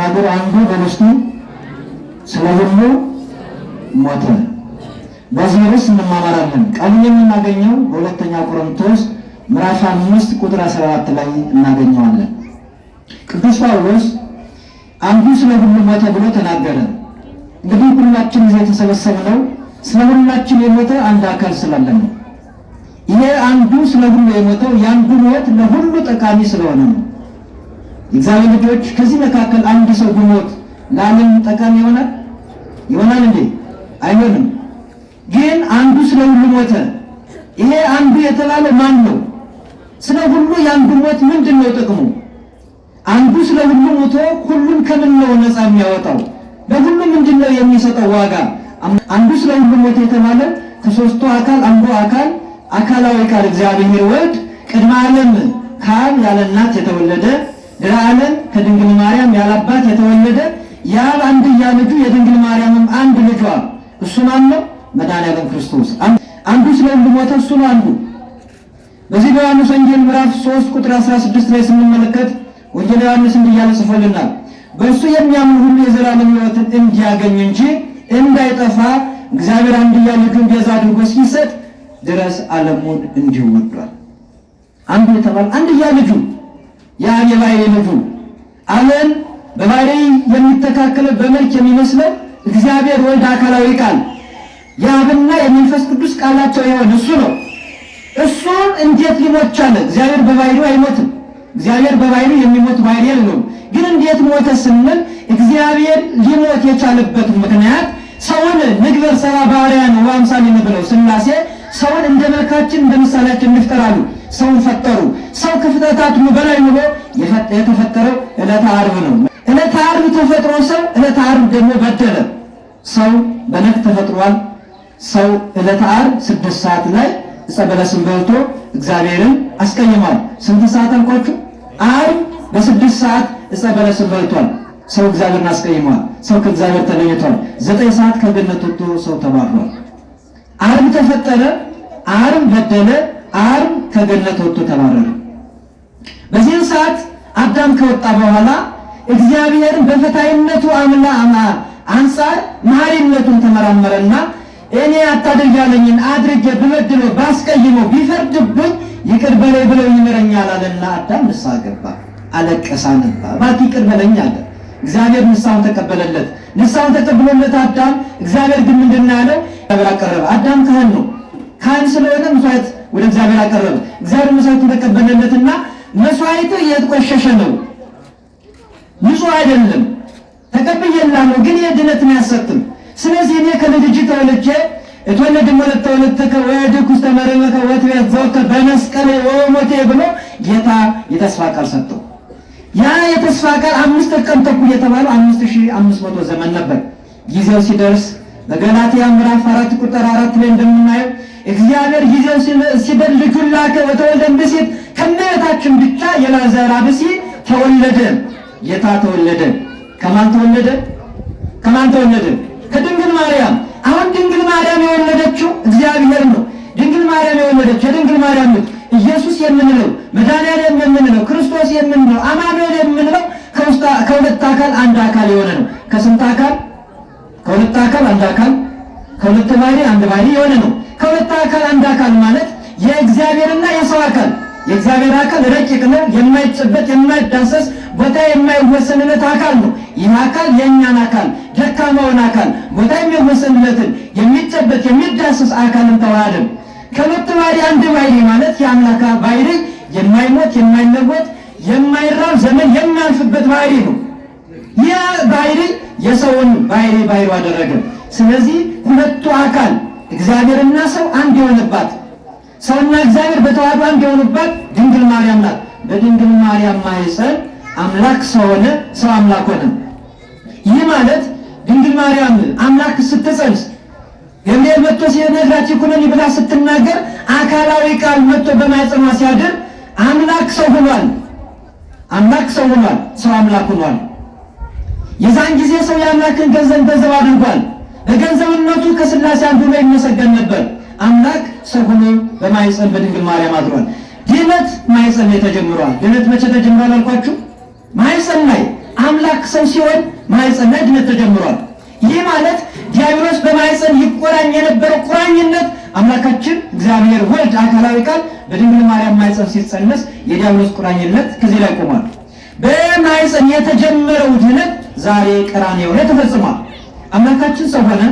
ከመናገር አንዱ በውስጡ ስለ ሁሉ ሞተ። በዚህ ርዕስ እንማማራለን። ቃል የምናገኘው በሁለተኛ ቆሮንቶስ ምዕራፍ አምስት ቁጥር 14 ላይ እናገኘዋለን። ቅዱስ ጳውሎስ አንዱ ስለ ሁሉ ሞተ ብሎ ተናገረ። እንግዲህ ሁላችን እዚህ የተሰበሰብነው ስለ ሁላችን የሞተ አንድ አካል ስላለ ነው። ይሄ አንዱ ስለ ሁሉ የሞተው የአንዱ ሞት ለሁሉ ጠቃሚ ስለሆነ ነው። የእግዚአብሔር ልጆች ከዚህ መካከል አንድ ሰው ቢሞት ለዓለም ጠቃሚ ይሆናል ይሆናል እንዴ? አይሆንም። ግን አንዱ ስለ ሁሉ ሞተ። ይሄ አንዱ የተባለ ማን ነው? ስለ ሁሉ የአንዱ ሞት ምንድን ነው ጥቅሙ? አንዱ ስለ ሁሉ ሞቶ ሁሉም ከምን ነው ነፃ የሚያወጣው? በሁሉ ምንድን ነው የሚሰጠው ዋጋ? አንዱ ስለ ሁሉ ሞተ የተባለ ከሶስቱ አካል አንዱ አካል አካላዊ ቃል እግዚአብሔር ወልድ ቅድመ ዓለም ካል ያለ እናት የተወለደ ለዓለም ከድንግል ማርያም ያላባት የተወለደ ያብ አንድያ ልጁ የድንግል ማርያምም አንድ ልጇ እሱ ማን ነው? መድኃኒዓለም ክርስቶስ። አንዱ ስለ ሞተ፣ እሱ ነው አንዱ። በዚህ በዮሐንስ ወንጌል ምዕራፍ 3 ቁጥር 16 ላይ ስንመለከት ወንጌል ዮሐንስ እንዲያለ ጽፎልናል። በእሱ የሚያምን ሁሉ የዘላለም ሕይወትን እንዲያገኝ እንጂ እንዳይጠፋ እግዚአብሔር አንድያ ልጁን ቤዛ አድርጎ ሲሰጥ ድረስ ዓለሙን እንዲወዷል። አንዱ የተባለ አንድያ ልጁ የአብ የባህሪ ምግብ አብን በባህሪ የሚተካከለ በመልክ የሚመስለው እግዚአብሔር ወልድ አካላዊ ቃል የአብና የመንፈስ ቅዱስ ቃላቸው የሆነ እሱ ነው። እሱ እንዴት ሊሞት ቻለ? እግዚአብሔር በባህሪው አይሞትም። እግዚአብሔር በባህሪው የሚሞት ባህሪ የለውም። ግን እንዴት ሞተ ስንል እግዚአብሔር ሊሞት የቻለበት ምክንያት ሰውን ንግበር ሰራ ባህሪያን ወአምሳሊነ ብለው ስላሴ ሰውን እንደ መልካችን እንደ ምሳሌያችን እንፍጠራሉ ሰውን ፈጠሩ። ሰው ከፍጥረታት በላይ ኑሮ የተፈጠረው ዕለተ ዓርብ ነው። ዕለተ ዓርብ ተፈጥሮ ሰው ዕለተ ዓርብ ደግሞ በደለ። ሰው በነፍስ ተፈጥሯል። ሰው ዕለተ ዓርብ ስድስት ሰዓት ላይ ዕፀ በለስን በልቶ እግዚአብሔርን አስቀይሟል። ስንት ሰዓት አልኳችሁ? ዓርብ በስድስት ሰዓት ዕፀ በለስን በልቷል። ሰው እግዚአብሔርን አስቀይሟል። ሰው ከእግዚአብሔር ተለይቷል። ዘጠኝ ሰዓት ከገነት ወጥቶ ሰው ተባሯል። ዓርብ ተፈጠረ፣ ዓርብ በደለ አርብ ከገነት ወጥቶ ተባረረ። በዚህን ሰዓት አዳም ከወጣ በኋላ እግዚአብሔርን በፈታይነቱ አምላ አንጻር መሐሪነቱን ተመራመረና እኔ አታደርጋለኝን አድርጌ ብበድሎ ባስቀይሞ ቢፈርድብኝ ይቅር በለኝ ብለው ይምረኛል አለና አዳም ንስሐ ገባ። አለቀሳ ነባ ባት ይቅር በለኝ አለ። እግዚአብሔር ንስሐውን ተቀበለለት። ንስሐውን ተቀብሎለት አዳም እግዚአብሔር ግን ምንድን ነው ያለው? ቀረበ አዳም ካህን ነው ካህን ስለሆነ መስዋዕት ወደ እግዚአብሔር አቀረበ። እግዚአብሔር መስዋዕቱን ተቀበለለትና መስዋዕቱ የተቆሸሸ ነው፣ ንጹህ አይደለም፣ ተቀብዬልሃለሁ ግን የድነትን አያሰጥም። ስለዚህ እኔ ከልጅ ተወልጄ የተወለድ መለት ተወለድከ ወያድኩ ውስተ መረበከ ወትቤት ዘወከ በመስቀሌ ወሞቴ ብሎ ጌታ የተስፋ ቃል ሰጠው። ያ የተስፋ ቃል አምስት ቀን ተኩል የተባለው አምስት ሺህ አምስት መቶ ዘመን ነበር። ጊዜው ሲደርስ በገላትያ ምዕራፍ አራት ቁጥር አራት ላይ እንደምናየው እግዚአብሔር ይዘን ሲበል ልጁን ላከ ወተወልደ ብእሲት ከእናታችን ብቻ የላዛር ብእሲ ተወለደ። የታ ተወለደ። ከማን ተወለደ? ከማን ተወለደ? ከድንግል ማርያም። አሁን ድንግል ማርያም የወለደችው እግዚአብሔር ነው። ድንግል ማርያም የወለደችው የድንግል ማርያም ነው። ኢየሱስ የምንለው መድኃኒዓለም የምንለው ክርስቶስ የምንለው አማኑኤል የምንለው ከሁለት አካል አንድ አካል የሆነ ነው። ከስንት አካል ከሁለት አካል አንድ አካል፣ ከሁለት ባህሪ አንድ ባህሪ የሆነ ነው። ከሁለት አካል አንድ አካል ማለት የእግዚአብሔርና የሰው አካል የእግዚአብሔር አካል ረቂቅ ነው፣ የማይጨበጥ የማይዳሰስ ቦታ የማይወሰንለት አካል ነው። ይህ አካል የእኛን አካል ደካማውን አካል ቦታ የሚወሰንለትን የሚጨበጥ የሚዳሰስ አካልን ተዋህደም። ከሁለት ባህሪ አንድ ባህሪ ማለት የአምላክ ባህሪ የማይሞት የማይለወጥ የማይራብ ዘመን የማያልፍበት ባህሪ ነው። ይህ ባህሪ የሰውን ባሕሪ ባሕሩ አደረገ። ስለዚህ ሁለቱ አካል እግዚአብሔርና ሰው አንድ የሆነባት ሰውና እግዚአብሔር በተዋህዶ አንድ የሆኑባት ድንግል ማርያም ናት። በድንግል ማርያም ማኅፀን አምላክ ሰው ሆነ፣ ሰው አምላክ ሆነ። ይህ ማለት ድንግል ማርያም አምላክ ስትጸንስ ገብርኤል መጥቶ ሲነግራት ኩነኒ ብላ ስትናገር አካላዊ ቃል መጥቶ በማኅፀኗ ሲያድር አምላክ ሰው ሆኗል። አምላክ ሰው ሆኗል። ሰው አምላክ ሆኗል። የዛን ጊዜ ሰው የአምላክን ገንዘብ ገንዘብ አድርጓል። በገንዘብነቱ ከስላሴ አንዱ ላይ ይመሰገን ነበር። አምላክ ሰው ሆኖ በማይጸን በድንግል ማርያም አድሯል። ድነት ማይጸን ላይ ተጀምሯል። ድነት መቼ ተጀምሯል አልኳችሁ? ማይጸን ላይ አምላክ ሰው ሲሆን ማይጸን ላይ ድነት ተጀምሯል። ይህ ማለት ዲያብሎስ በማይጸን ይቆራኝ የነበረው ቁራኝነት አምላካችን እግዚአብሔር ወልድ አካላዊ ቃል በድንግል ማርያም ማይጸን ሲጸነስ የዲያብሎስ ቁራኝነት ከዚህ ላይ ቆሟል። በማይጸን የተጀመረው ድነት ዛሬ ቀራንዮ ላይ ተፈጽሟል። አምላካችን ሰው ሆነ።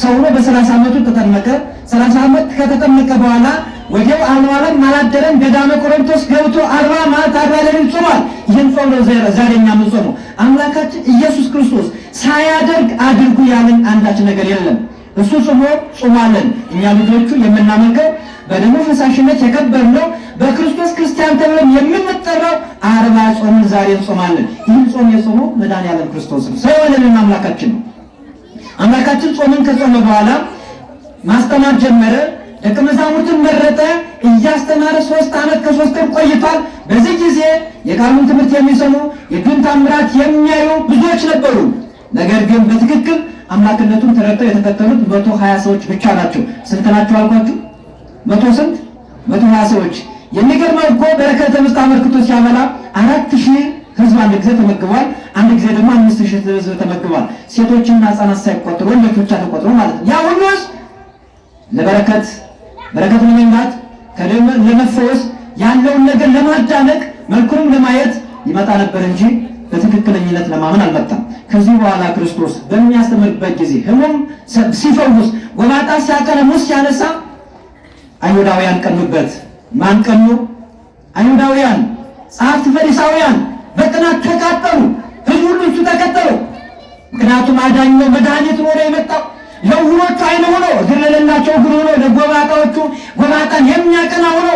ሰው ሆኖ በሰላሳ ዓመቱ ተጠመቀ። ሰላሳ ዓመት ከተጠመቀ በኋላ ወዲያው አልባ ላይ አላደረም። ገዳመ ቆሮንቶስ ገብቶ አርባ ማታ ጋለሪ ጾሟል። ይህን ጾም ነው ዛሬ እኛ ነው። አምላካችን ኢየሱስ ክርስቶስ ሳያደርግ አድርጉ ያለን አንዳች ነገር የለም። እሱ ጾሞ ጾማለን። እኛ ልጆቹ የምናመልከው በደሙ ፈሳሽነት የከበርነው በክርስቶስ ክርስቲያን ተብለን የምንጠራው አርባ ጾምን ዛሬ እንጾማለን። ይህም ጾም የጾመው መድኃኔዓለም ክርስቶስ ነው፣ ሰው የሆነልን አምላካችን ነው። አምላካችን ጾምን ከጾመ በኋላ ማስተማር ጀመረ። ደቀ መዛሙርትን መረጠ። እያስተማረ ሶስት ዓመት ከሶስት ቀን ቆይቷል። በዚህ ጊዜ የቃሉን ትምህርት የሚሰሙ የድን ታምራት የሚያዩ ብዙዎች ነበሩ። ነገር ግን በትክክል አምላክነቱን ተረድተው የተከተሉት መቶ ሀያ ሰዎች ብቻ ናቸው። ስንት ናቸው አልኳችሁ? መቶ ስንት መቶ ሀያ ሰዎች የሚገርመው እኮ በረከተ ምጽአት አበርክቶ ሲያበላ አራት ሺህ ህዝብ አንድ ጊዜ ተመግቧል። አንድ ጊዜ ደግሞ አምስት ሺህ ህዝብ ተመግቧል። ሴቶችና ህጻናት ሳይቆጥሩ ወንዶች ብቻ ተቆጥሮ ማለት ነው። ያ ሁሉ ለበረከት በረከት ለመንጋት ከደም ለመፈወስ ያለውን ነገር ለማዳነቅ መልኩም ለማየት ይመጣ ነበር እንጂ በትክክለኝነት ለማመን አልመጣም። ከዚህ በኋላ ክርስቶስ በሚያስተምርበት ጊዜ ህሙም ሲፈውስ፣ ጎባጣ ሲያቀረ፣ ሙስ ሲያነሳ አይሁዳውያን ቀኑበት። ማን ቀኑ? አይሁዳውያን ጸሐፍት ፈሪሳውያን በቅናት ተቃጠሉ። ህዝቡ ሁሉ እሱ ተከተሉ። ምክንያቱም አዳኝ ነው መድኃኒት ኖረ የመጣው ለዕውሮቹ አይነ ሆኖ እግር ለሌላቸው እግር ሆኖ ለጎባጣዎቹ ጎባጣን የሚያቀና ሆኖ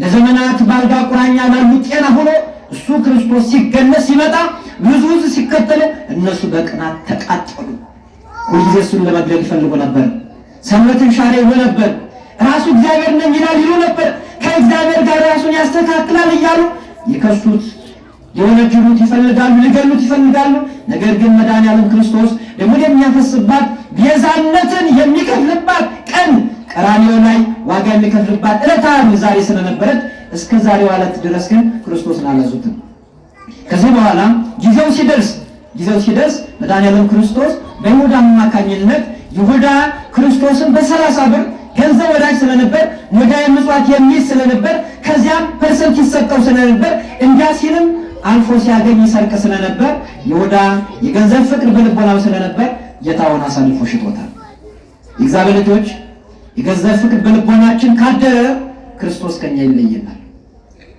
ለዘመናት ባልጋ ቁራኛ ላሉ ጤና ሆኖ እሱ ክርስቶስ ሲገነስ ሲመጣ ብዙ ሕዝብ ሲከተለ እነሱ በቅናት ተቃጠሉ። ሁልጊዜ እሱን ለመግደል ይፈልጉ ነበር። ሰንበትን ሻሬ ይሆ ነበር። ራሱ እግዚአብሔር ነኝ ይላል ይሉ ነበር። ከእግዚአብሔር ጋር ራሱን ያስተካክላል እያሉ ይከሱት፣ ሊወነጅሉት ይፈልጋሉ፣ ሊገሉት ይፈልጋሉ። ነገር ግን መድኃኒዓለም ክርስቶስ ደሙን የሚያፈስባት ቤዛነትን የሚከፍልባት ቀን ቀራንዮ ላይ ዋጋ የሚከፍልባት ዕለታ ዛሬ ስለነበረች እስከ ዛሬው ዕለት ድረስ ግን ክርስቶስን አላዙትም። ከዚህ በኋላ ጊዜው ሲደርስ ጊዜው ሲደርስ መድኃኒዓለም ክርስቶስ በይሁዳ አማካኝነት ይሁዳ ክርስቶስን በሰላሳ ብር ገንዘብ ወዳጅ ስለነበር ወዳ ምጽዋት የሚል ስለነበር ከዚያም ፐርሰንት ይሰጠው ስለነበር እንዲያ ሲልም አልፎ ሲያገኝ ይሰርቅ ስለነበር ይሁዳ የገንዘብ ፍቅር በልቦናው ስለነበር ጌታውን አሳልፎ ሽጦታል። የእግዚአብሔር ልጆች የገንዘብ ፍቅር በልቦናችን ካደረ ክርስቶስ ከኛ ይለየናል።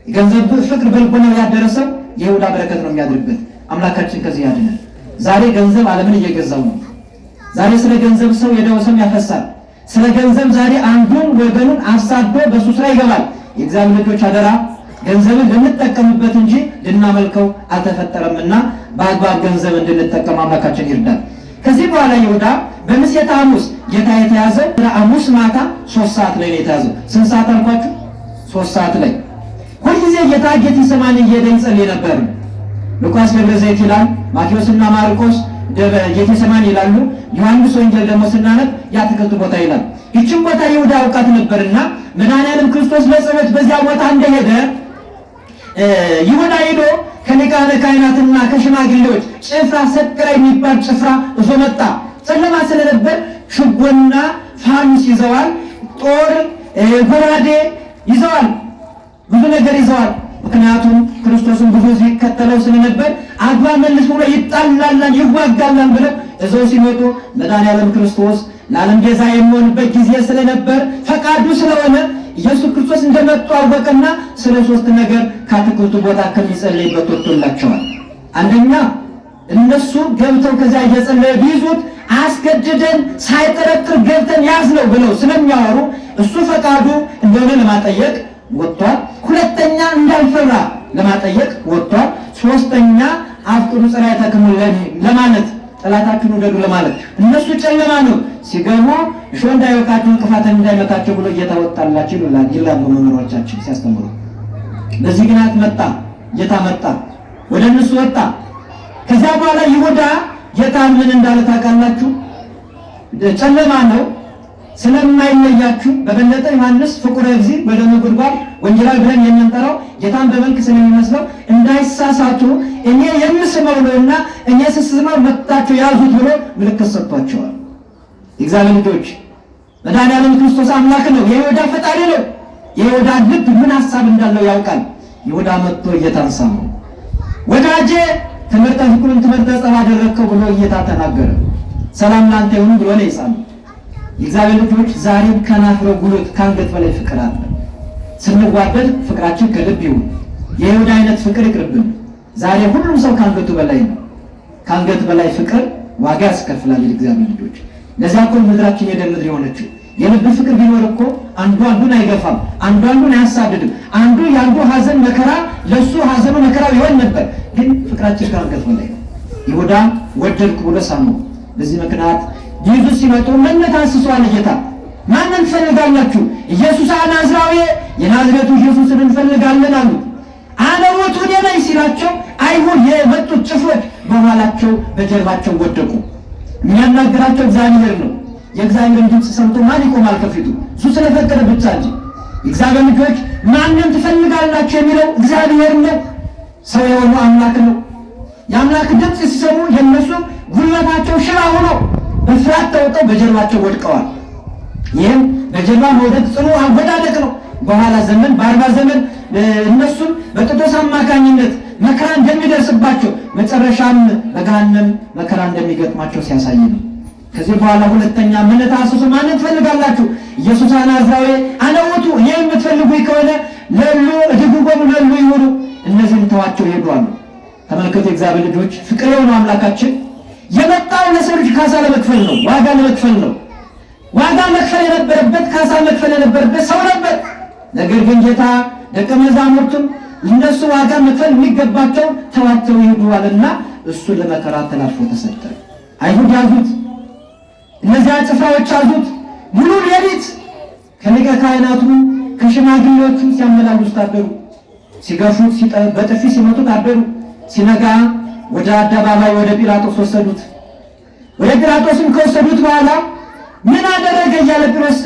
የገንዘብ ፍቅር በልቦናው ያደረ ሰው የይሁዳ በረከት ነው የሚያድርበት። አምላካችን ከዚህ ያድነን። ዛሬ ገንዘብ ዓለምን እየገዛው ነው። ዛሬ ስለ ገንዘብ ሰው የደወሰም ያፈሳል። ስለ ገንዘብ ዛሬ አንዱን ወገኑን አሳዶ በሱ ስራ ይገባል። የእግዚአብሔር ልጆች አደራ፣ ገንዘብን ልንጠቀምበት እንጂ ልናመልከው አልተፈጠረምና በአግባብ ገንዘብ እንድንጠቀም አምላካችን ይርዳል። ከዚህ በኋላ ይሁዳ በምሴተ ሐሙስ ጌታ የተያዘ ሐሙስ ማታ ሶስት ሰዓት ላይ ነው የተያዘው። ስንት ሰዓት አልኳችሁ? ሶስት ሰዓት ላይ ሁልጊዜ ጌታ ጌት ይሰማን እየሄደ ይጸልይ ነበር። ሉቃስ ደብረ ዘይት ይላል ማቴዎስና ማርቆስ ጌቴሰማኒ ይላሉ። ዮሐንስ ወንጌል ደግሞ ስናነብ የአትክልት ቦታ ይላል። ይችን ቦታ ይሁዳ አውቃት ነበርና መድኃኒዓለም ክርስቶስ ለጸሎት በዚያ ቦታ እንደሄደ ይሁዳ ሄዶ ከሊቃነ ካህናትና ከሽማግሌዎች ጭፍራ ሰቅራ የሚባል ጭፍራ እዞ መጣ። ጨለማ ስለነበር ሽጎና ፋኑስ ይዘዋል፣ ጦር ጎራዴ ይዘዋል፣ ብዙ ነገር ይዘዋል። ምክንያቱም ክርስቶስን ብዙ ሲከተለው ስለነበር አግባ መልስ ብሎ ይጣላላን ይዋጋላን ብለው እዛው ሲመጡ መድኃኒዓለም ክርስቶስ ለዓለም ቤዛ የሚሆንበት ጊዜ ስለነበር ፈቃዱ ስለሆነ ኢየሱስ ክርስቶስ እንደመጡ አወቀና ስለ ሶስት ነገር ከአትክልቱ ቦታ ከሚጸለይበት ወጥቶላቸዋል። አንደኛ እነሱ ገብተው ከዚያ እየጸለየ ቢይዙት አስገድደን ሳይጠረጥር ገብተን ያዝ ነው ብለው ስለሚያወሩ እሱ ፈቃዱ እንደሆነ ለማጠየቅ ወጥቷል። ሁለተኛ እንዳልፈራ ለማጠየቅ ወጥቷል። ሶስተኛ አፍቅዱ ጽራይተክሙ ለማለት ጠላታችሁን ውደዱ ለማለት እነሱ ጨለማ ነው ሲገቡ እሾህ እንዳይወቃቸው እንቅፋትን እንዳይመታቸው ብሎ እየተወጣላቸው ይላል ይላሉ መምህሮቻችን ሲያስተምሩ። በዚህ ግናት መጣ ጌታ መጣ ወደ እነሱ ወጣ። ከዛ በኋላ ይሁዳ ጌታ ምን እንዳለ ታውቃላችሁ? ጨለማ ነው ስለማይለያችሁ በበለጠ ዮሐንስ ፍቁረ እግዚ በደመ ጉድጓድ ወንጌላዊ ብለን የምንጠራው ጌታን በመንክ ስለሚመስለው እንዳይሳሳቱ እኔ የምስመው እና እኔ ስስመው መጥታችሁ ያዙት ብሎ ምልክት ሰጥቷቸዋል። እግዚአብሔር ልጆች መድኃኒዓለም ክርስቶስ አምላክ ነው። የይሁዳ ፈጣሪ ነው። የይሁዳ ልብ ምን ሀሳብ እንዳለው ያውቃል። ይሁዳ መጥቶ እየታንሳ ነው ወዳጄ ትምህርተ ፍቅሩን ትምህርተ ጸባ አደረግከው ብሎ እየታ ተናገረ። ሰላም ላንተ ይሁን ብሎ ነው የጻነው የእግዚአብሔር ልጆች ዛሬም ከናፍረው ጉልበት ከአንገት በላይ ፍቅር አለ። ስንዋደድ ፍቅራችን ከልብ ይሁን። የይሁዳ አይነት ፍቅር ይቅርብን። ዛሬ ሁሉም ሰው ከአንገቱ በላይ ነው። ከአንገት በላይ ፍቅር ዋጋ ያስከፍላል። የእግዚአብሔር ልጆች ለዚያ እኮ ምድራችን የደም ምድር የሆነችው። የልብ ፍቅር ቢኖር እኮ አንዱ አንዱን አይገፋም፣ አንዱ አንዱን አያሳድድም። አንዱ የአንዱ ሀዘን መከራ ለእሱ ሀዘኑ መከራ ይሆን ነበር። ግን ፍቅራችን ከአንገት በላይ ነው። ይሁዳ ወደድኩ ብሎ ሳመው። በዚህ ምክንያት ይዙ ሲመጡ ምን ታስሷል ጌታ ማንን ትፈልጋላችሁ? ኢየሱስ አናዝራዊ የናዝሬቱ ኢየሱስን እንፈልጋለን አሉ አለውቱ እኔ ነኝ ሲላቸው አይሁድ የመጡት ጭፍሮች በኋላቸው በጀርባቸው ወደቁ። የሚያናግራቸው እግዚአብሔር ነው። የእግዚአብሔር ድምፅ ሰምቶ ማን ይቆማል ከፊቱ? እሱ ስለፈቀደ ብቻ እንጂ እግዚአብሔር ልጆች ማንን ትፈልጋላችሁ የሚለው እግዚአብሔር ነው። ሰው የሆኑ አምላክ ነው። የአምላክ ድምፅ ሲሰሙ የነሱ ጉልበታቸው ሽራ ሆኖ ከምስራቅ ተውጠው በጀርባቸው ወድቀዋል። ይህም በጀርባ መውደቅ ጽኑ አወዳደቅ ነው። በኋላ ዘመን በአርባ ዘመን እነሱም በቅዱስ አማካኝነት መከራ እንደሚደርስባቸው መጨረሻም በገሃነም መከራ እንደሚገጥማቸው ሲያሳይ ነው። ከዚህ በኋላ ሁለተኛ ምንታስሱ ማንን ትፈልጋላችሁ? ኢየሱስ አናዝራዊ አነውቱ ይህ የምትፈልጉ ከሆነ ለሉ እድጉጎም ለሉ ይሁኑ እነዚህም ተዋቸው ይሄዱ አሉ። ተመልከቱ የእግዚአብሔር ልጆች ፍቅር የሆነ አምላካችን የመጣው ለሰው ልጅ ካሳ ለመክፈል ነው፣ ዋጋ ለመክፈል ነው። ዋጋ መክፈል የነበረበት ካሳ መክፈል የነበረበት ሰው ነበር። ነገር ግን ጌታ ደቀ መዛሙርቱም እነሱ ዋጋ መክፈል የሚገባቸው ተዋተው ይሄዱዋልና እሱ ለመከራ ተላልፎ ተሰጠ። አይሁድ ያዙት፣ እነዚያ ጭፍራዎች ያዙት። ሙሉ ሌሊት ከሊቀ ካህናቱ ከሽማግሌዎቹም ሲያመላልሱት አደሩ። ሲገፉት፣ በጥፊ ሲመቱት አደሩ። ሲነጋ ወደ አደባባይ ወደ ጲላጦስ ወሰዱት። ወደ ጲላጦስም ከወሰዱት በኋላ ምን አደረገ እያለ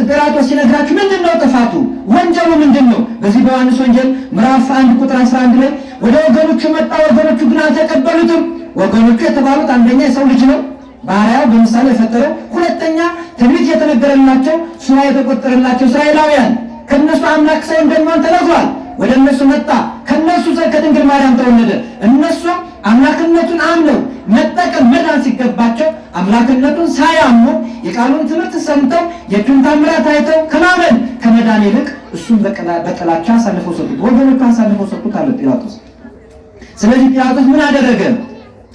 ጲላጦስ ሲነግራችሁ ምንድን ነው ጥፋቱ? ወንጀሉ ምንድን ነው? በዚህ በዮሐንስ ወንጌል ምዕራፍ አንድ ቁጥር 11 ላይ ወደ ወገኖቹ መጣ፣ ወገኖቹ ግን አልተቀበሉትም። ወገኖቹ የተባሉት አንደኛ የሰው ልጅ ነው ባህሪያው በምሳሌ የፈጠረ ሁለተኛ ትንቢት የተነገረላቸው ስራ የተቆጠረላቸው እስራኤላውያን ከእነሱ አምላክ ሳይሆን እንደሚሆን ተነግሯል። ወደ እነሱ መጣ፣ ከእነሱ ዘር ከድንግል ማርያም ተወለደ። እነሱም አምላክነቱን አምነው መጠቀም መዳን ሲገባቸው አምላክነቱን ሳያምኑ የቃሉን ትምህርት ሰምተው የእጁን ታምራት አይተው ከማመን ከመዳን ይልቅ እሱን በጥላቻ አሳልፈው ሰጡት፣ ወገኖቹ አሳልፈው ሰጡት አለ ጲላጦስ። ስለዚህ ጲላጦስ ምን አደረገ?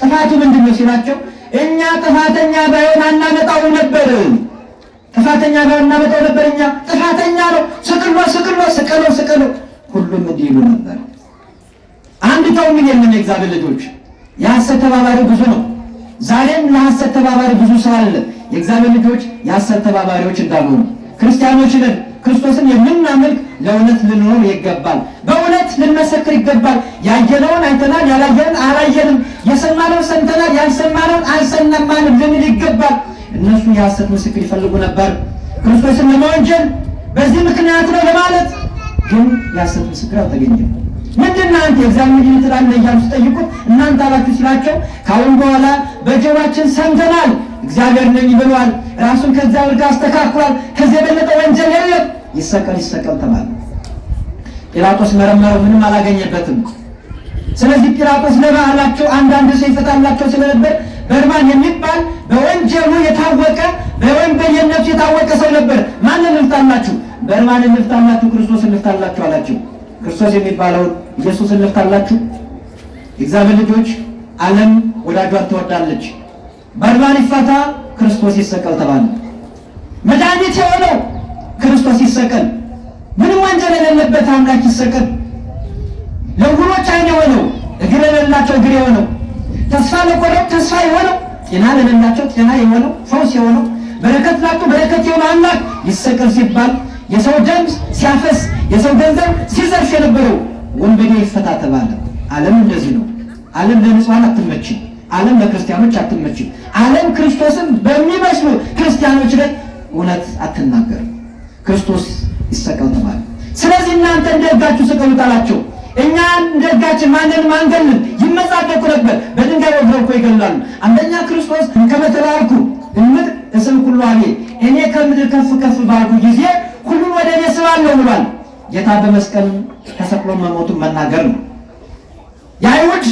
ጥፋቱ ምንድን ነው ሲላቸው፣ እኛ ጥፋተኛ ባይሆን አናመጣው ነበር። ጥፋተኛ ባይሆን አናመጣው ነበር። እኛ ጥፋተኛ ነው። ስቅሎ ስቅሎ ስቅሎ ስቅሎ ሁሉም እንዲህ ይሉ ነበር። አንድ ተው ምን የለም የእግዚአብሔር ልጆች የሐሰት ተባባሪ ብዙ ነው። ዛሬም ለሐሰት ተባባሪ ብዙ ሰው አለ። የእግዚአብሔር ልጆች የሐሰት ተባባሪዎች እንዳልሆኑ ክርስቲያኖች ነን። ክርስቶስን የምናመልክ ለእውነት ልንኖር ይገባል። በእውነት ልንመሰክር ይገባል። ያየነውን አይተናል፣ ያላየንን አላየንም፣ የሰማነውን ሰምተናል፣ ያልሰማነውን አልሰማንም ልንል ይገባል። እነሱ የሐሰት ምስክር ይፈልጉ ነበር ክርስቶስን ለመወንጀል። በዚህ ምክንያት ነው ለማለት ግን የሐሰት ምስክር አልተገኘም። ምንድን ነው አንተ የዛን ልጅ ትዳር ነው እያሉ ሲጠይቁት እናንተ አላችሁ ሲላቸው ካሁን በኋላ በጀባችን ሰምተናል፣ እግዚአብሔር ነኝ ብሏል፣ ራሱን ከዛ ወርጋ አስተካክሏል፣ ከዚህ የበለጠ ወንጀል የለም፣ ይሰቀል ይሰቀል ተባለ። ጲላጦስ መረመረው፣ ምንም አላገኘበትም። ስለዚህ ጲላጦስ ለባህላቸው አንዳንድ ሰው ይፈታላቸው ስለነበር በርማን የሚባል በወንጀሉ የታወቀ በወንጀል ነፍሱ የታወቀ ሰው ነበር። ማንን እንፍታላችሁ? በርማን እንፍታላችሁ፣ ክርስቶስ እንፍታላችሁ አላቸው። ክርስቶስ የሚባለውን ኢየሱስ ልካላችሁ እግዚአብሔር ልጆች ዓለም ወዳጇን ትወዳለች። በርባን ይፈታ ክርስቶስ ይሰቀል ተባለ። መድኃኒት የሆነው ክርስቶስ ይሰቀል፣ ምንም ወንጀል የሌለበት አምላክ ይሰቀል። ለዕውሮች ዓይን የሆነው እግር የሌላቸው እግር የሆነው ተስፋ ለቆረጡ ተስፋ የሆነው ጤና ለሌላቸው ጤና የሆነው ፈውስ የሆነው በረከት ላጡ በረከት የሆነ አምላክ ይሰቀል ሲባል የሰው ደም ሲያፈስ የሰው ገንዘብ ሲዘርፍ የነበረው ወንበዴ ይፈታ ተባለ። ዓለም እንደዚህ ነው። ዓለም ለንጹሐን አትመችም። ዓለም ለክርስቲያኖች አትመችም። ዓለም ክርስቶስን በሚመስሉ ክርስቲያኖች ላይ እውነት አትናገርም። ክርስቶስ ይሰቀል ተባለ። ስለዚህ እናንተ እንደ ሕጋችሁ ስቀሉት አላቸው። እኛ እንደ ሕጋችን ማንንም አንገልም። ይመጻደቁ ነበር፣ በድንጋይ ወግረው እኮ ይገላሉ። አንደኛ ክርስቶስ ከመተላልኩ እምር እስም ኩሉ እኔ ከምድር ከፍ ከፍ ባልኩ ጊዜ ሁሉም ወደ እኔ ስባለሁ ብሏል። ጌታ በመስቀል ተሰቅሎ መሞቱን መናገር ነው። የአይሁድ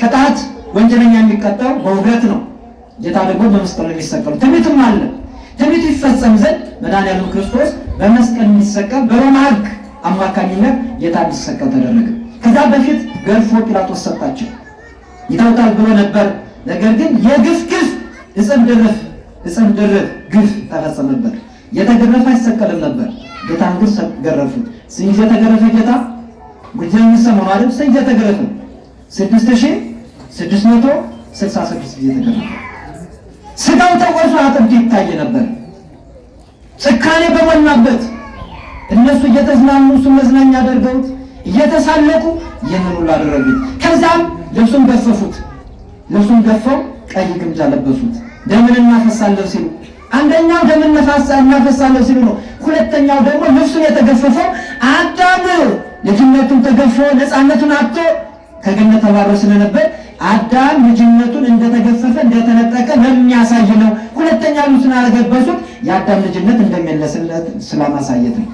ቅጣት ወንጀለኛ የሚቀጣው በውግረት ነው። ጌታ ደግሞ በመስቀል ነው የሚሰቀሉ። ትንቢትም አለ። ትንቢቱ ይፈጸም ዘንድ መድኃኒዓለም ክርስቶስ በመስቀል የሚሰቀል በሮማ ሕግ አማካኝነት ጌታ እንዲሰቀል ተደረገ። ከዛ በፊት ገርፎ ጲላጦስ ሰጣቸው። ይተውታል ብሎ ነበር። ነገር ግን የግፍ ግፍ እጽም ድርፍ እጽም ድርፍ ግፍ ተፈጸመበት። የተገረፈ አይሰቀልም ነበር። ጌታ ግን ገረፉት። ስንት ጊዜ ተገረፈ ጌታ? ጉዳይ የሚሰማው ማለት ስንት ጊዜ ተገረፈ? ስድስት ሺህ ስድስት መቶ ስልሳ ስድስት ጊዜ ተገረፈ። ስጋው ተቆርሶ አጥንቱ ይታይ ነበር። ጭካኔ በሞላበት እነሱ እየተዝናኑ እሱ መዝናኛ አደርገውት እየተሳለቁ ይህንን ሁሉ አደረጉት። ከዛም ልብሱን ገፈፉት። ልብሱን ገፈው ቀይ ግምጃ ለበሱት። ደምን እናፈሳለን ሲሉ አንደኛው ደምን ነፋሳ እናፈሳለሁ ሲሉ ነው። ሁለተኛው ደግሞ ነፍሱን የተገፈፈ አዳም ልጅነቱን ተገፎ ነፃነቱን አጥቶ ከገነት ተባሮ ስለነበር አዳም ልጅነቱን እንደተገፈፈ እንደተነጠቀ ለሚያሳይ ነው። ሁለተኛ ልብሱን አለገበሱት የአዳም ልጅነት እንደሚመለስለት ስላማሳየት ነው።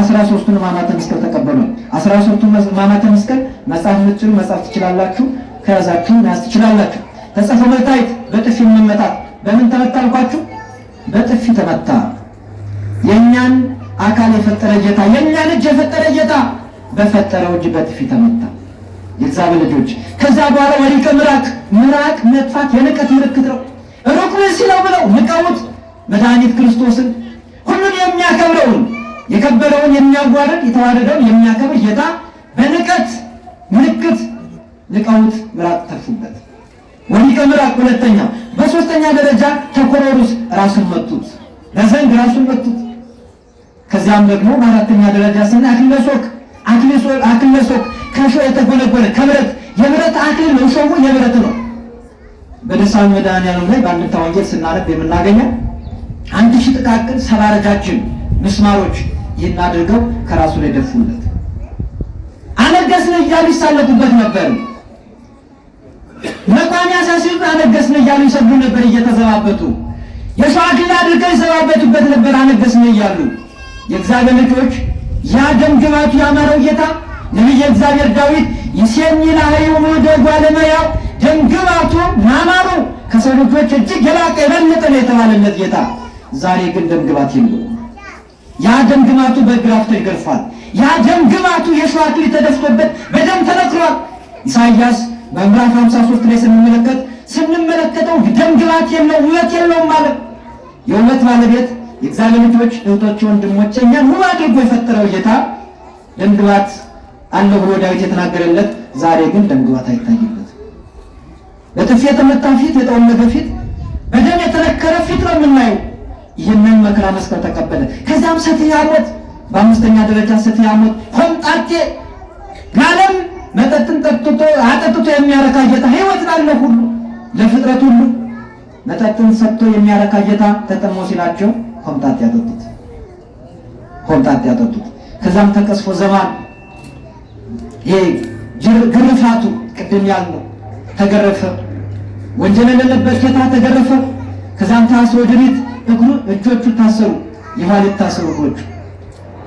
አስራ ሶስቱን ሕማማተ መስቀል ተቀበሉ። አስራ ሶስቱን ሕማማተ መስቀል መጽሐፍ ምትችሉ መጽሐፍ ትችላላችሁ፣ ከያዛችሁ መያዝ ትችላላችሁ። ተጽፎ መታየት፣ በጥፊ መመታት፣ በምን ተመታልኳችሁ በጥፊ ተመታ። የእኛን አካል የፈጠረ ጌታ፣ የእኛን እጅ የፈጠረ ጌታ በፈጠረው እጅ በጥፊ ተመታ። የዛብ ልጆች ከዛ በኋላ ወሊቀ ምራቅ ምራቅ መጥፋት የንቀት ምልክት ነው። ሩቅ ሲለው ብለው ንቀውት መድኃኒት ክርስቶስን ሁሉን የሚያከብረውን የከበረውን የሚያዋርድ የተዋረደውን የሚያከብር ጌታ በንቀት ምልክት ንቀውት ምራቅ ተፉበት። ወዲህ ከምራቅ ሁለተኛ። በሶስተኛ ደረጃ ተኮረሩስ ራሱን መቱት፣ በዘንግ ራሱን መቱት። ከዚያም ደግሞ በአራተኛ ደረጃ ስናይ አክለሶክ አክለሶክ ከእሾህ የተጎነጎነ ከብረት የብረት አክል ነው። ሰው የብረት ነው። በደሳን መድኃኔዓለም ላይ በአንድምታ ወንጌል ስናነብ የምናገኘው አንድ ሺህ ጥቃቅን ሰባ ረጃጅም ምስማሮች ይህን አድርገው ከራሱ ላይ ደፉለት። አነገስን እያሉ ይሳለቁበት ነበር። መቋሚያ ሳሲሉት አነገስነ እያሉ ይሰግዱ ነበር እየተዘባበቱ። የሸዋ ክልል አድርገው ይዘባበቱበት ነበር አነገስነ እያሉ። የእግዚአብሔር ልጆች ያ ደም ግባቱ ያማረው ጌታ ነቢየ እግዚአብሔር ዳዊት ይሴኒ ላህዩ ምደጓ ለመያው ደም ግባቱ ማማሩ ከሰው ልጆች እጅግ የላቀ የበለጠ ነው የተባለለት ጌታ ዛሬ ግን ደም ግባት የለው። ያ ደም ግባቱ በግራፍ ተገርፏል። ያ ደም ግባቱ የሸዋ ክልል ተደፍቶበት በደም ተነክሯል። ኢሳይያስ በምዕራፍ 53 ላይ ስንመለከት ስንመለከተው ደም ግባት የለው ውበት የለውም ማለት የውበት ባለቤት የእግዚአብሔር ልጆች እህቶች፣ ወንድሞች እኛን ውብ አድርጎ የፈጠረው ጌታ ደም ግባት አለው ብሎ ዳዊት የተናገረለት ዛሬ ግን ደም ግባት አይታይበትም። በጥፊ የተመታ ፊት፣ የጠወለገ ፊት፣ በደም የተነከረ ፊት ነው የምናየው። ይህንን መከራ መስቀል ተቀበለ። ከዚያም ሰትያ ሞት፣ በአምስተኛ ደረጃ ሰትያ ሞት፣ ኮምጣቴ ጋለም መጠጥን ጠጥቶ አጠጥቶ የሚያረካ ጌታ ህይወት ላለ ሁሉ ለፍጥረት ሁሉ መጠጥን ሰጥቶ የሚያረካ ጌታ ተጠሞ ሲላቸው ሆምጣጤ ያጠጡት ሆምጣጤ ያጠጡት። ከዛም ተቀስፎ ዘማን ግርፋቱ ቅድም ያልነው ተገረፈ። ወንጀል የሌለበት ጌታ ተገረፈ። ከዛም ታስሮ ድሪት እግሩ እጆቹ ታሰሩ፣ የኋሊት ታሰሩ እግሮቹ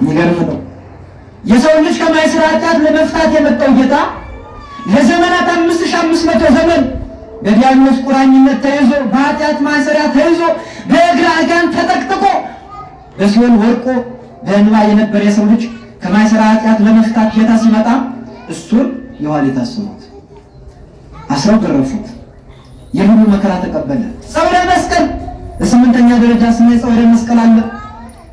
የሚገርም ነው። የሰው ልጅ ከማይ ስራ ኃጢአት ለመፍታት የመጣው ጌታ ለዘመናት አምስት ሺህ አምስት መቶ ዘመን በዲያብሎስ ቁራኝነት ተይዞ በኃጢአት ማሰሪያ ተይዞ በእግረ አጋን ተጠቅጥቆ በሲኦል ወርቆ በእንባ የነበረ የሰው ልጅ ከማይ ስራ ኃጢአት ለመፍታት ጌታ ሲመጣ እሱን የኋሊት አሰሩት፣ አስረው ገረፉት፣ የሁሉ መከራ ተቀበለ። ጸውረ መስቀል በስምንተኛ ደረጃ ስናይ ጸውረ መስቀል አለ።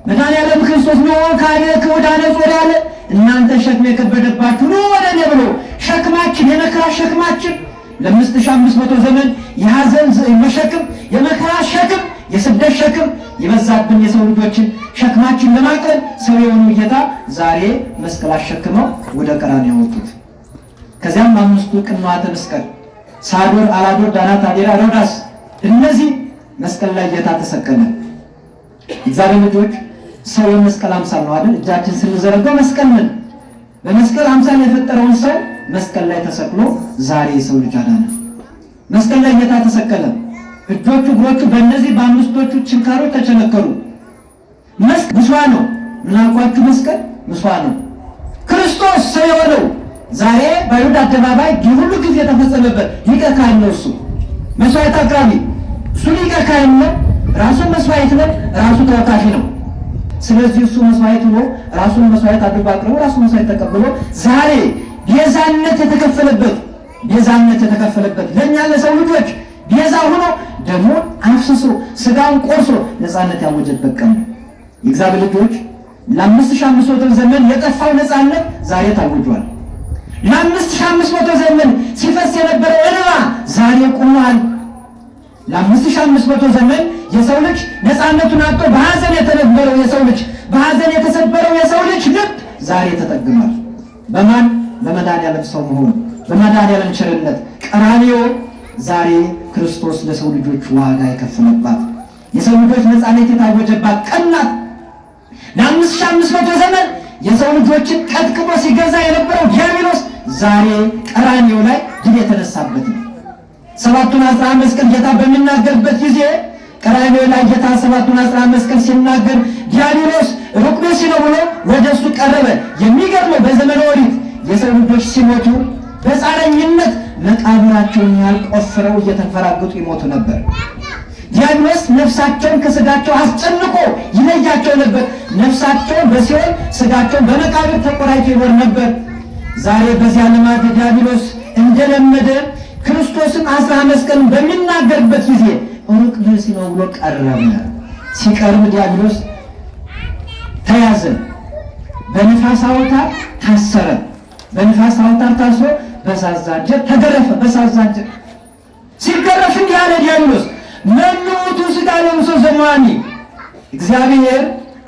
መድኃኒዓለም ክርስቶስ ነው ካለ ከወዳነ ጾር ያለ እናንተ ሸክም የከበደባችሁ ኑ ወደ እኔ ብሎ ሸክማችን የመከራ ሸክማችን ለአምስት ሺህ አምስት መቶ ዘመን የሐዘን መሸክም የመከራ ሸክም የስደት ሸክም የበዛብን የሰው ልጆችን ሸክማችን ለማቅለል ሰው የሆኑ ጌታ ዛሬ መስቀል አሸክመው ወደ ቀራን ያወጡት። ከዚያም አምስቱ ቅንዋተ መስቀል ሳዶር፣ አላዶር፣ ዳናት፣ አዴራ፣ ሮዳስ እነዚህ መስቀል ላይ ጌታ ተሰቀለ። እግዚአብሔር ልጆች ሰው የመስቀል አምሳል ነው አይደል? እጃችን ስንዘረጋ መስቀል ምን በመስቀል አምሳል የፈጠረውን ሰው መስቀል ላይ ተሰቅሎ ዛሬ የሰው ልጅ አዳነ። መስቀል ላይ ጌታ ተሰቀለ። እጆቹ እግሮቹ በእነዚህ በአምስቶቹ ችንካሮች ተቸነከሩ። መስቀል ምስዋ ነው። ምን አልኳችሁ? መስቀል ምስዋ ነው። ክርስቶስ ሰው የሆነው ዛሬ በአይሁድ አደባባይ ሁሉ ጊዜ የተፈጸመበት ሊቀ ካህን ነው። እሱ መስዋዕት አቅራቢ፣ እሱ ሊቀ ካህን ነው። ራሱ መስዋዕት ነው። ራሱ ተወካፊ ነው። ስለዚህ እሱ መስዋዕት ነው። ራሱን መስዋዕት አድርጎ አቅርቦ ራሱን መስዋዕት ተቀብሎ ዛሬ ቤዛነት የተከፈለበት ቤዛነት የተከፈለበት ለእኛ ለሰው ልጆች ቤዛ ሆኖ ደግሞ አፍስሶ ስጋውን ቆርሶ ነፃነት ያወጀበት ቀን ነው። የእግዚአብሔር ልጆች ለአምስት ሺህ አምስት መቶ ዘመን የጠፋው ነፃነት ዛሬ ታውጇል። ለአምስት ሺህ አምስት መቶ ዘመን ሲፈስ የነበረው እንባ ዛሬ ቁሟል። ለአምስት ሺህ አምስት መቶ ዘመን የሰው ልጅ ነፃነቱን አጥቶ በሐዘን የተነበረው የሰው ልጅ በሐዘን የተሰበረው የሰው ልጅ ልብ ዛሬ ተጠግሟል። በማን በመድኃኒዓለም ሰው መሆኑ በመድኃኒዓለም ቸርነት ቀራንዮ ዛሬ ክርስቶስ ለሰው ልጆች ዋጋ የከፈለባት የሰው ልጆች ነፃነት የታወጀባት ቀናት ለአምስት ሺህ አምስት መቶ ዘመን የሰው ልጆችን ቀጥቅጦ ሲገዛ የነበረው ዲያብሎስ ዛሬ ቀራንዮ ላይ ድል የተነሳበት ነው። ሰባቱን አስራ አምስት ቀን ጌታ በሚናገርበት ጊዜ ቀራንዮ ላይ ጌታ ሰባቱን አስራ አምስት ቀን ሲናገር ዲያብሎስ ሩቅ ነው ሲለው ብሎ ወደ እሱ ቀረበ። የሚገርመው በዘመነ ኦሪት የሰው ልጆች ሲሞቱ በጻረኝነት መቃብራቸውን ያልቆፍረው እየተንፈራገጡ ይሞቱ ነበር። ዲያብሎስ ነፍሳቸውን ከስጋቸው አስጨንቆ ይለያቸው ነበር። ነፍሳቸውን በሲኦል ስጋቸውን በመቃብር ተቆራይቶ ይኖር ነበር። ዛሬ በዚያ ልማድ ዲያብሎስ እንደለመደ ክርስቶስን አስራ መስቀል በሚናገርበት ጊዜ ሩቅ ደርሲ ነው ብሎ ቀረበ። ሲቀርብ ዲያብሎስ ተያዘ፣ በንፋስ አውታር ታሰረ። በንፋስ አውታር ታስሮ በሳዛጀ ተገረፈ። በሳዛጀ ሲገረፍ እንዲህ አለ ዲያብሎስ መኑ ውእቱ ሥጋ ለብሶ ዘማኒ እግዚአብሔር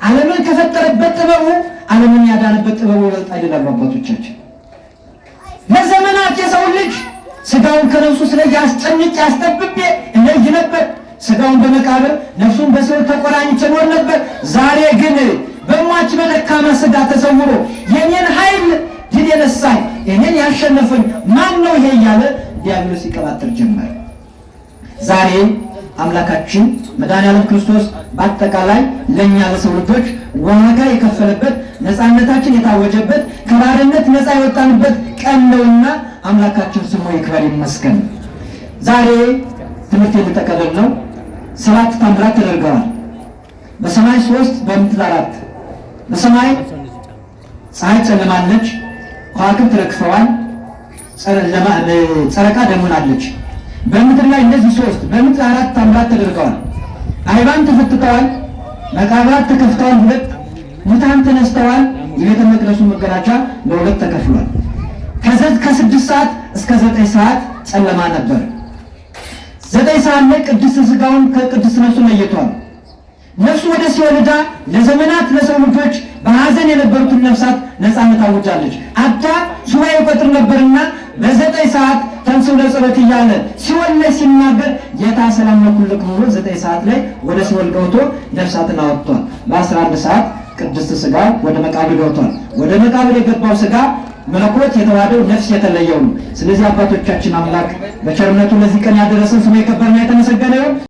ዓለምን ከፈጠረበት ጥበቡ ዓለምን ያዳነበት ጥበቡ ይበልጣል ይላሉ አባቶቻችን ለዘመናት የሰው ልጅ ስጋውን ከነፍሱ ስለዚህ አስጨንቄ ያስጠብቤ እለይ ነበር። ስጋውን በመቃብር ነፍሱን በሲኦል ተቆራኝቼ ኖር ነበር። ዛሬ ግን በሟች በደካማ ስጋ ተሰውሮ የኔን ኃይል ድል የነሳኝ እኔን ያሸነፈኝ ማን ነው ይሄ እያለ ዲያብሎስ ይቀባጥር ጀመር። ዛሬ አምላካችን መድኃኒዓለም ክርስቶስ በአጠቃላይ ለእኛ ለሰው ልጆች ዋጋ የከፈለበት ነፃነታችን የታወጀበት ከባርነት ነፃ የወጣንበት ቀን ነውና አምላካችን ስሙ ይክበር ይመስገን። ዛሬ ትምህርት የሚጠቀልል ነው። ሰባት ታምራት ተደርገዋል። በሰማይ ሶስት በምድር አራት። በሰማይ ፀሐይ ጨለማለች፣ ከዋክብት ረግፈዋል፣ ጨረቃ ደሞናለች ሆናለች። በምድር ላይ እነዚህ ሶስት በምድር አራት ታምራት ተደርገዋል። አይባን ተፈትተዋል፣ መቃብራት ተከፍተዋል ሁለት፣ ሙታን ተነስተዋል። የቤተ መቅደሱ መጋረጃ ለሁለት ተከፍሏል። ከስድስት ሰዓት እስከ ዘጠኝ ሰዓት ጨለማ ነበር። ዘጠኝ ሰዓት ላይ ቅዱስ ስጋውን ከቅዱስ ነፍሱ ለይቷል። ነፍሱ ወደ ሲወልዳ ለዘመናት ለሰው ልጆች በሐዘን የነበሩትን ነፍሳት ነፃነት አውጃለች። አዳ ሱባኤ ይቆጥር ነበርና በዘጠኝ ሰዓት ተንሥኡ ለጸሎት እያለ ሲኦል ላይ ሲናገር ጌታ ሰላም ለኩልክ ብሎ ዘጠኝ ሰዓት ላይ ወደ ሲኦል ገብቶ ነፍሳትን አወጥቷል። በአስራ አንድ ሰዓት ቅድስት ስጋ ወደ መቃብር ገብቷል። ወደ መቃብር የገባው ስጋ መለኮት የተዋደው ነፍስ የተለየው ነው። ስለዚህ አባቶቻችን አምላክ በቸርነቱ ለዚህ ቀን ያደረሰን ስሙ የከበረና የተመሰገነ ይሁን።